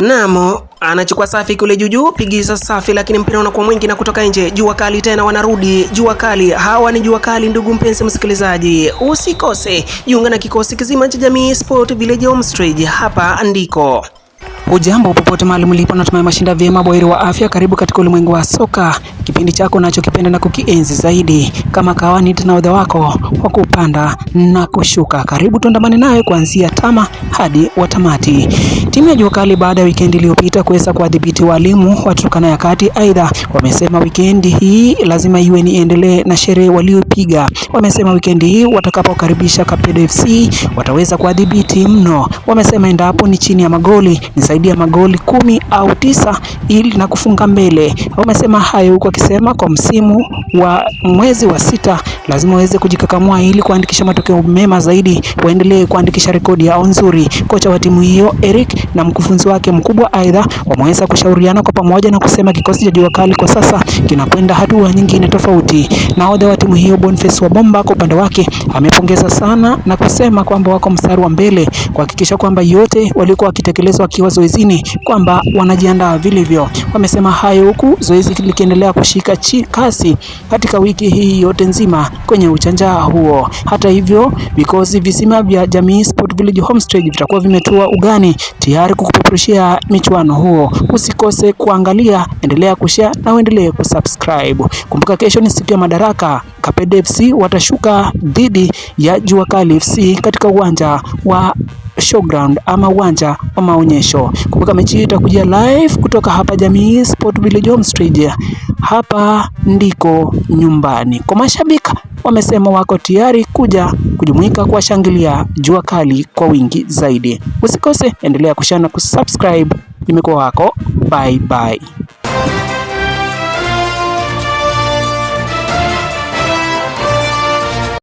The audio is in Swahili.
Namo anachukua safi kule juu pigiza safi, lakini mpira unakuwa mwingi na kutoka nje. Jua kali tena, wanarudi jua kali. Hawa ni jua kali, ndugu mpenzi msikilizaji, usikose jiunga na kikosi kizima cha Jamii Sport Village Homestay. Hapa ndiko Ujambo popote mahali mlipo, natumai mashinda vyema, bwaheri wa afya. Karibu katika ulimwengu wa soka, kipindi chako unachokipenda na kukienzi zaidi. Kama kawani tena wadha wako wa kupanda na kushuka, karibu tuandamane naye kuanzia tama hadi watamati. Timu ya Jua Kali baada ya wikendi iliyopita kuweza kuwadhibiti walimu wa Turkana ya Kati. Aidha, wamesema wikendi hii lazima iwe ni endelee na sherehe waliopiga. Wamesema wikendi hii watakapokaribisha Kapedo FC wataweza kuwadhibiti mno. Wamesema endapo ni chini ya magoli ni ya magoli kumi au tisa ili na kufunga mbele. Wamesema hayo huko akisema kwa msimu wa mwezi wa sita Lazima waweze kujikakamua ili kuandikisha matokeo mema zaidi, waendelee kuandikisha rekodi yao nzuri. Kocha wa timu hiyo Eric na mkufunzi wake mkubwa aidha wameweza kushauriana kwa pamoja na kusema kikosi cha Jua Kali kwa sasa kinakwenda hatua nyingine tofauti. Nahodha wa timu hiyo Boniface Wabomba kwa upande wake amepongeza sana na kusema kwamba wako mstari wa mbele kuhakikisha kwamba yote walikuwa wakitekelezwa wakiwa zoezini, kwamba wanajiandaa vilivyo. Wamesema hayo huku zoezi likiendelea kushika kasi katika wiki hii yote nzima kwenye uchanja huo. Hata hivyo, vikosi visima vya Jamii Sport Village Homestay vitakuwa vimetua ugani tayari kukupeperushia michuano huo. Usikose kuangalia, endelea kushare na uendelee kusubscribe. Kumbuka kesho ni siku ya Madaraka. Kapede FC watashuka dhidi ya Jua Kali FC katika uwanja wa showground ama uwanja wa maonyesho. Kumbuka mechi hii itakujia live kutoka hapa Jamii Sport Village Homestay. Hapa ndiko nyumbani kwa mashabiki wamesema wako tayari kuja kujumuika kuwashangilia jua kali kwa wingi zaidi. Usikose, endelea kushana kusubscribe. Nimekuwa wako, bye bye.